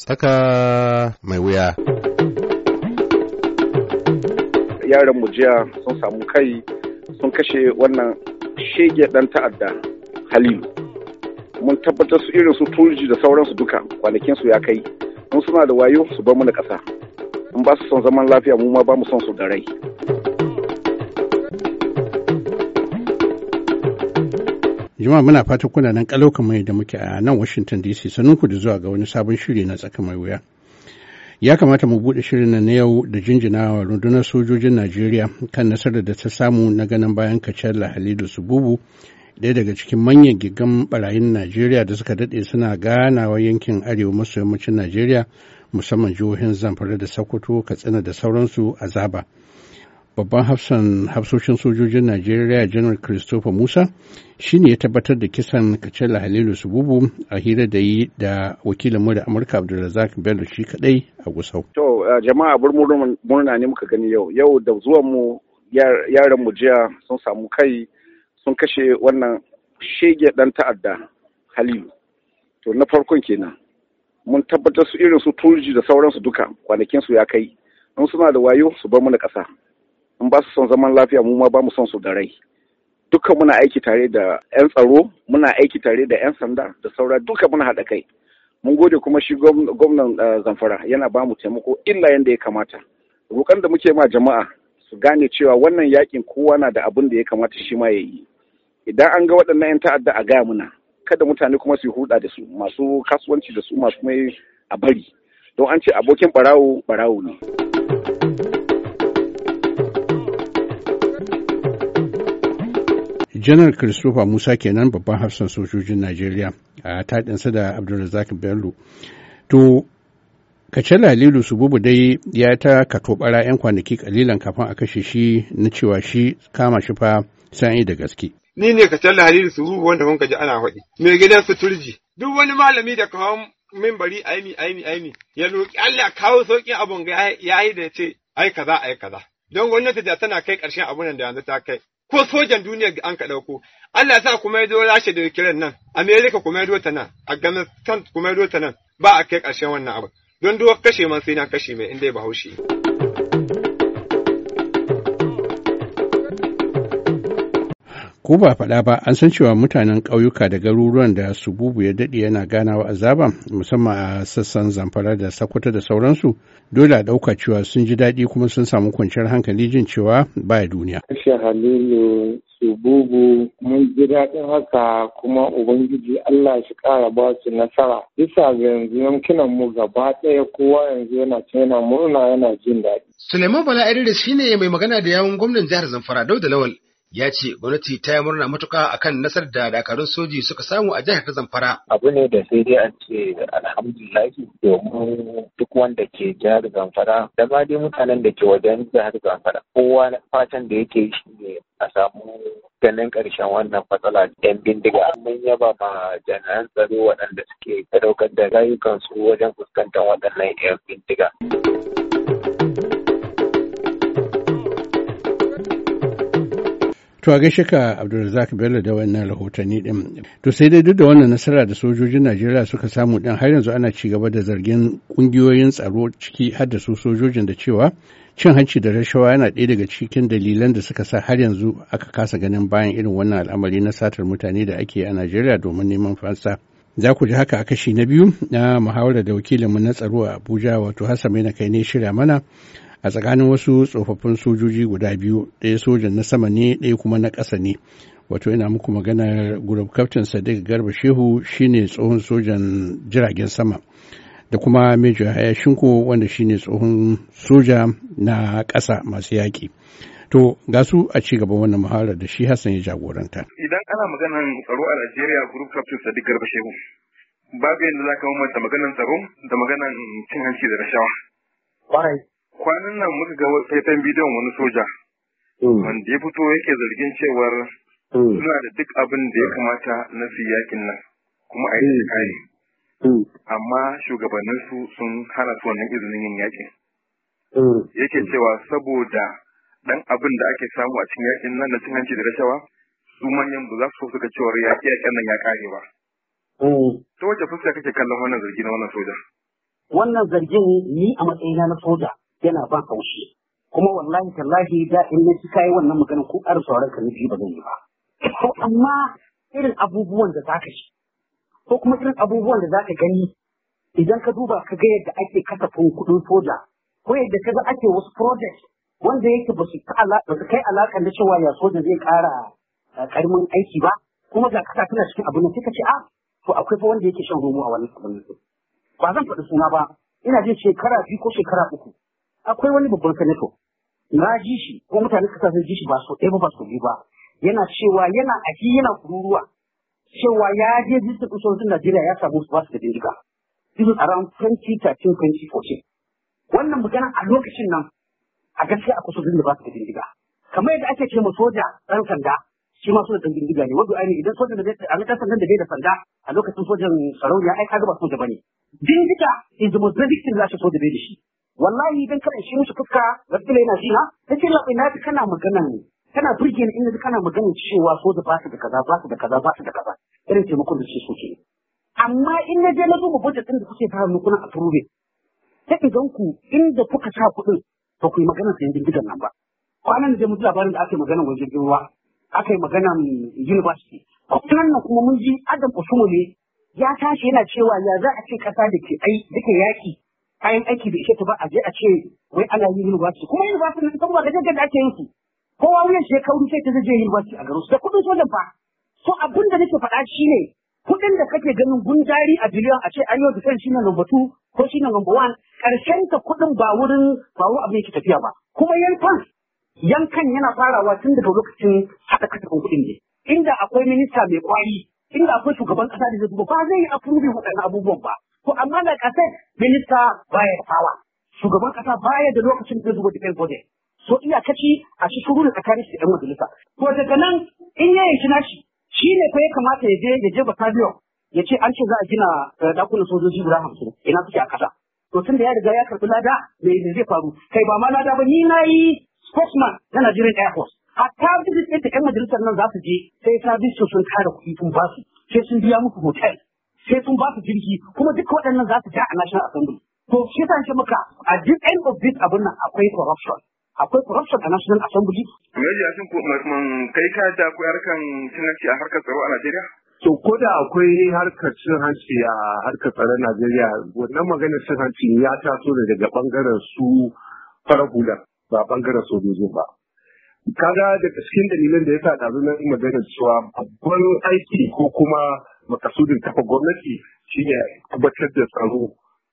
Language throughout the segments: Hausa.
Tsaka mai wuya. Yaran mu jiya sun samu kai sun kashe wannan shege ɗan ta'adda Halilu. Mun tabbatar su irin su turji da sauransu duka kwanakin su ya kai. Mun suna da wayo su bar mu mana ƙasa. In ba su son zaman lafiya mu ma ba mu son su da rai. Jama'a muna fata kuna nan kalau mai da muke a nan Washington DC sanin ku da zuwa ga wani sabon shiri na tsaka mai wuya. Ya kamata mu buɗe shirin nan na yau da wa rundunar sojojin Najeriya kan nasarar da ta samu na ganin bayan Kacella Halidu Sububu ɗaya daga cikin manyan gigan barayin Najeriya da suka daɗe suna ganawa yankin arewa maso yammacin Najeriya musamman jihohin Zamfara da Sokoto, Katsina da sauransu a Zaba. babban hafsan hafsoshin sojojin najeriya janar christopher musa shi ne ya tabbatar da kisan kacela halilu sububu a hira da yi da wakilin mu da amurka abdulrazak bello shi kadai a gusau to uh, jama'a burmurin murna ne muka gani yau yau da zuwan mu yaran mu jiya sun samu kai sun kashe wannan shege dan ta'adda halilu to na farkon kenan mun tabbatar su irin su turji da sauransu duka kwanakin su ya kai in suna da wayo su bar mu na ƙasa in ba su son zaman lafiya mu ma ba mu son su da rai Dukkan muna aiki tare da 'yan tsaro muna aiki tare da 'yan sanda da saura duka muna haɗa kai mun gode kuma shi gwamnan eh, zamfara yana ba mu taimako illa yadda ya kamata roƙon da muke ma jama'a su gane cewa wannan yakin kowa na da abin da ya kamata shi ma ya yi idan an ga waɗannan 'yan ta'adda a gaya muna kada mutane kuma su yi hulɗa da su masu kasuwanci da su masu mai a bari don an ce abokin ɓarawo ɓarawo ne. janar christopher musa kenan babban hafsan sojojin najeriya a taɗinsa da abdulrazak bello to kace lalilu sububu dai ya ta tobara 'yan kwanaki kalilan kafin a kashe shi na cewa shi kama shi fa san da gaske ni ne kace lalilu sububu wanda kun ji ana faɗi mai gidan su turji duk wani malami da kawo mimbari aini aini aini ya roki Allah kawo sauƙin abun ga yayi da ya ce ai kaza ai kaza don gwamnati da tana kai ƙarshen abun da yanzu ta kai ko sojan duniya an ka ɗauko. Allah sa kuma ya zo da kiran nan, Amerika kuma ya zo ta nan, Afghanistan kuma ya zo ta nan, ba a kai ƙarshen wannan abu. Don duk kashe man sai na kashe mai inda ya bahaushe. ko ba faɗa ba an san cewa mutanen ƙauyuka da garuruwan da su bubu ya daɗe yana ganawa azaba musamman a sassan zamfara da sakwata da sauransu dole a ɗauka cewa sun ji daɗi kuma sun samu kwanciyar hankali jin cewa baya duniya. Rashin halilu sububu mun ji daɗin haka kuma ubangiji Allah shi ƙara ba su nasara bisa ga yanzu yankinan mu gaba ɗaya kowa yanzu yana yana murna yana jin daɗi. Suleiman Bala shi shine mai magana da yawun gwamnan jihar Zamfara Dauda Lawal. ya ce gwamnati ta yi murna matuka akan nasar da dakarun soji suka samu a jihar zamfara. Abu ne da sai dai an ce alhamdulillahi domin duk wanda ke jihar zamfara da ma dai mutanen da ke wajen jihar zamfara kowa fatan da yake shi ne a samu ganin ƙarshen wannan matsala yan bindiga mun yaba ma jami'an tsaro waɗanda suke ɗaukar da rayukansu wajen fuskantar waɗannan yan bindiga. To a gaishe ka Abdulrazak Bello da wannan rahotanni din. To sai dai duk da wannan nasara da sojojin Najeriya suka samu din har yanzu ana ci gaba da zargin kungiyoyin tsaro ciki har da su sojojin da cewa cin hanci da rashawa yana ɗaya daga cikin dalilan da suka sa har yanzu aka kasa ganin bayan irin wannan al'amari na satar mutane da ake a Najeriya domin neman fansa. Za ku ji haka a kashi na biyu na muhawarar da wakilinmu na tsaro a Abuja wato Hassan na kai ne shirya mana a tsakanin wasu tsofaffin sojoji guda biyu ɗaya sojan na sama ne ɗaya kuma na ƙasa ne wato yana muku maganar group captain sadiq garba shehu shine tsohon sojan jiragen sama da kuma major haya shinko wanda shine tsohon soja na ƙasa masu yaƙi to ga su a ci gaban wannan muhawarar da shi hassan ya jagoranta idan ana maganar tsaro a najeriya group captain sadiq garba shehu babu yadda za ka mamanta maganar tsaro da maganar cin hanci da rashawa kwanan nan muka ga faifan bidiyon wani soja hmm. wanda ya fito yake zargin cewar hmm. suna da duk abin da ya hmm. kamata na su yakin nan kuma a yi kare amma shugabanninsu sun hana su wannan izinin yin yakin yake cewa saboda dan abin da ake samu a cikin yakin nan na cin hanci da rashawa su manyan ba za su so suka cewar yaƙi yaƙin nan ya kare ba ta wace fuska kake kallon wannan zargi na wannan soja wannan zargin ni a matsayina na soja yana ba haushi kuma wallahi tallahi da in na cika yi wannan maganin ko ƙara sauran ka nufi ba zan yi ba Ko amma irin abubuwan da ka ji ko kuma irin abubuwan da zaka gani idan ka duba ka ga yadda ake kasafin kuɗin soja ko yadda ka ga ake wasu project wanda yake ba su kai alaƙa da cewa ya soja zai ƙara eh, ƙarmin aiki ba kuma ga kasa tana cikin abin nan suka ce a ah, to akwai fa wanda yake shan romo a wannan abin ba zan faɗi suna ba ina jin shekara biyu ko shekara uku akwai wani babban sanato na ji shi ko mutane suka san ji shi ba so ɗaya ba so biyu ba yana cewa yana aji yana kururuwa cewa ya je jisar kusurcin Najeriya ya samu su ba su da bindiga. This is around 2013-2014. Wannan magana a lokacin nan a gaskiya a kusurcin da ba su da dindiga. Kamar yadda ake ce ma soja ɗan sanda shi ma soja ɗan dindiga ne. Wanda ainihin idan sojan da zai a lokacin sandan da bai da sanda a lokacin sojan sarauniya ai kaga ba soja ba ne. Bindiga is the most basic thing za shi soja bai da shi. wallahi idan kana shi musu fuska rabbila yana jina nace na ina kana magana ne kana burge ni inda kana magana cewa so da basu da kaza basu da kaza basu da kaza irin taimakon da so ke amma in na je na duba budget din da kuke fara mu kuna approve ta, idan ku inda kuka sa kuɗin ba ku yi magana sayan bindigan nan ba kwanan da mu ji labarin da ake magana wajen ruwa aka yi magana university kwanan nan kuma mun ji adam usumule ya tashi yana cewa ya za a ce kasa da ke ai da ke yaki kayan aiki bai ishe ta ba a je a ce wai ana yin university kuma university ne kuma ga da ake yin su kowa wuyan shi ya kauri sai ta je university a garin su da kuɗin sojan fa so abin da nake faɗa ne kuɗin da kake ganin gundari a biliyon a ce an yau defense shi number lambatu ko shi number one karshen ta kuɗin ba wurin ba wurin abin yake tafiya ba kuma yankan yankan yana farawa tun daga lokacin haɗa kasafin kuɗin ne inda akwai minista mai kwari inda akwai shugaban ƙasa da zai ba zai yi approving waɗannan abubuwan ba To amma like I minista baya da power. Shugaban ƙasa baya da lokacin da zuwa defense budget. So iyakaci a shi shuru da tsakanin da ɗan majalisa. To daga nan in ya yanki nashi shi ne fa ya kamata ya je ya je Batavio ya ce an ce za a gina dakunan eh, sojoji guda hamsin ina suke a ƙasa? To tun da ya riga ya karɓi lada me zai faru? Kai ba ma lada ba ni na yi spokesman na Nigerian Air Force. hatta da da yan majalisar nan za su je sai service su sun kare kuɗi tun ba su sai sun biya muku hotel sai sun ba su jirgi kuma duka waɗannan za su ja a national assembly to shi yasa ce maka a duk end of this abin nan akwai corruption akwai corruption a national assembly ya Yasin ko kai ka da ku harkan cin a harkar tsaro a Najeriya To ko da akwai harkar cin hanci a harkar tsaron Najeriya wannan maganar cin hanci ya taso daga bangaren su farahula ba bangaren sojojin ba. kaga daga cikin dalilin da ya sa ɗazu na maganar cewa babban aiki ko kuma makasudin tafa gwamnati shine tabbatar da tsaro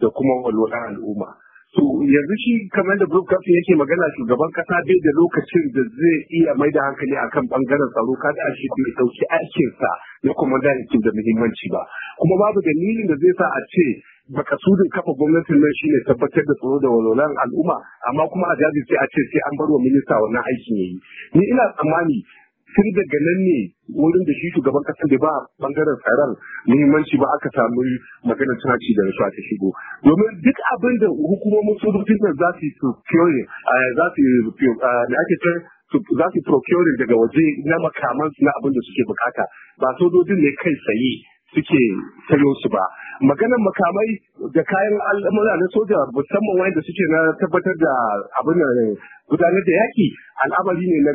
da kuma walwala al'umma. To yanzu shi kamar da Brook Kafin yake magana shugaban kasa bai da lokacin da zai iya mai da hankali akan bangaren tsaro kada a shi bai dauki aikinsa na kwamandan da muhimmanci ba. Kuma babu dalilin da zai sa a ce da kafa gwamnatin nan shine tabbatar da tsaro da walwalar al'umma amma kuma a sai a ce sai an bar wa minista wannan aikin yayi ni ina tsammani tun daga nan ne wurin da shi shugaban kasar da ba bangaren tsaron muhimmanci ba aka samu maganar cin da a ta shigo domin duk abin da hukumomin sojojin nan za su yi eh, za su da eh, ake za su procuring daga waje na makamansu na abin da suke bukata ba sojojin ne kai tsaye suke sayo su ba maganar makamai da kayan al'amura na soja musamman wanda suke na tabbatar da abin gudanar da yaki al'amari ne na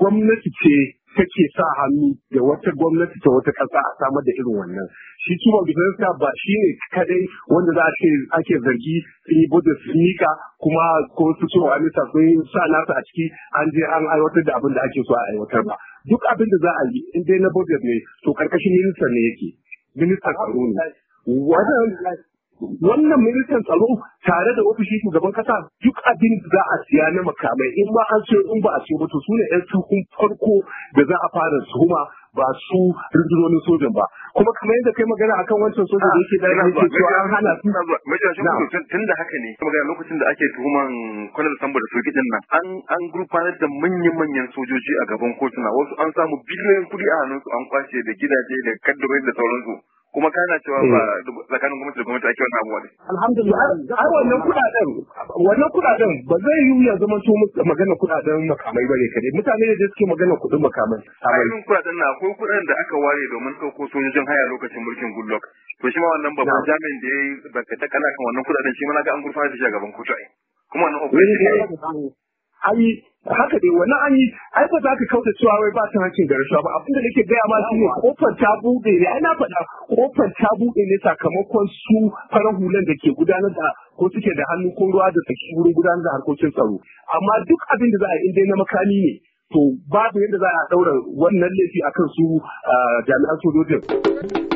gwamnati ce take sa hannu da wata gwamnati ta wata ƙasa a samar da irin wannan shi kuma bisansa ba shi ne kadai wanda za a ce ake zargi sun yi bude su mika kuma ko su ce wa nisa sun sa nasa a ciki an je an aiwatar da abin da ake so a aiwatar ba duk abin da za a yi in dai na bude ne to ƙarƙashin minista ne yake Minister Karuni, whether wannan ministan tsaro tare da ofishin shugaban kasa duk abin da za a siya na makamai in ba an ce in ba a ce ba to su ne yan sukun farko da za a fara huma ba su rundunonin sojan ba kuma kamar yadda kai magana akan wancan sojan da yake da yake cewa an hana su tun da haka ne magana lokacin da ake tuhuman kwanar samba da soji din nan an an gurfanar da manyan manyan sojoji a gaban kotuna wasu an samu biliyoyin kuɗi a hannunsu an kwashe da gidaje da kaddarai da sauransu kuma kana cewa ba eh. tsakanin gwamnati da gwamnati ake wannan abuwa ne. Alhamdulillah har wannan kudaden wannan kudaden ba zai yiwu ya zama to magana kudaden makamai ba ne kare. mutane da suke magana kudin makamai. Ainihin kudaden na akwai kudaden da aka ware domin sauko sojojin haya lokacin mulkin Goodluck. To shi ma wannan babban jami'in da ya yi baka ta kana kan wannan kudaden shi ma na ga an gurfana da shi a gaban kotu Kuma wannan eh, operation eh. ayi haka dai wannan an yi ai ba za ka kauta cewa wai ba ta hancin da rashawa ba abinda nake gaya ma ne kofar ta buɗe ne ai faɗa kofar ta buɗe ne sakamakon su farar hulan da ke gudanar da ko suke da hannu ko ruwa da tsaki wurin gudanar da harkokin tsaro amma duk abin da za a yi in na makami ne to babu yadda za a ɗaura wannan laifi akan su ah, jami'an sojojin.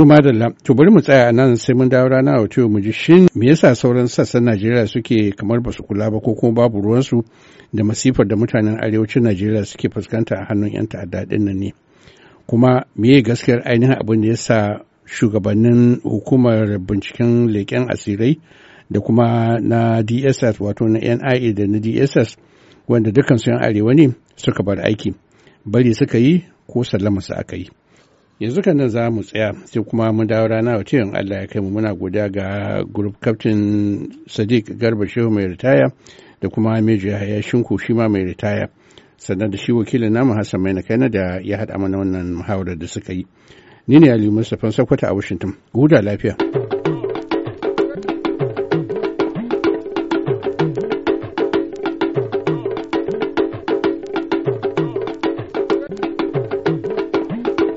To madalla, to bari mu tsaya nan sai mun dawo rana a mu ji shin me yasa sauran sassan Najeriya suke kamar basu kula ba ko kuma babu ruwansu da masifar da mutanen arewacin Najeriya suke fuskanta a hannun 'yan ta'adda din nan ne. Kuma meye gaskiyar ainihin abin da yasa shugabannin hukumar binciken leken asirai da kuma na DSS wato na NIA da na DSS wanda dukkan su 'yan arewa ne suka bar aiki. Bari suka yi ko sallama su aka yi. yanzu kan nan za mu tsaya sai kuma mun dawo rana wa cewa Allah ya kai mu muna godiya ga group captain Sadiq Garba Shehu mai ritaya da kuma Major Yahaya Shinku shi ma mai ritaya sannan da shi wakilin namu Hassan Maina Kaina da ya haɗa mana wannan muhawarar da suka yi ni ne ali Mustafa Sokoto a Washington guda lafiya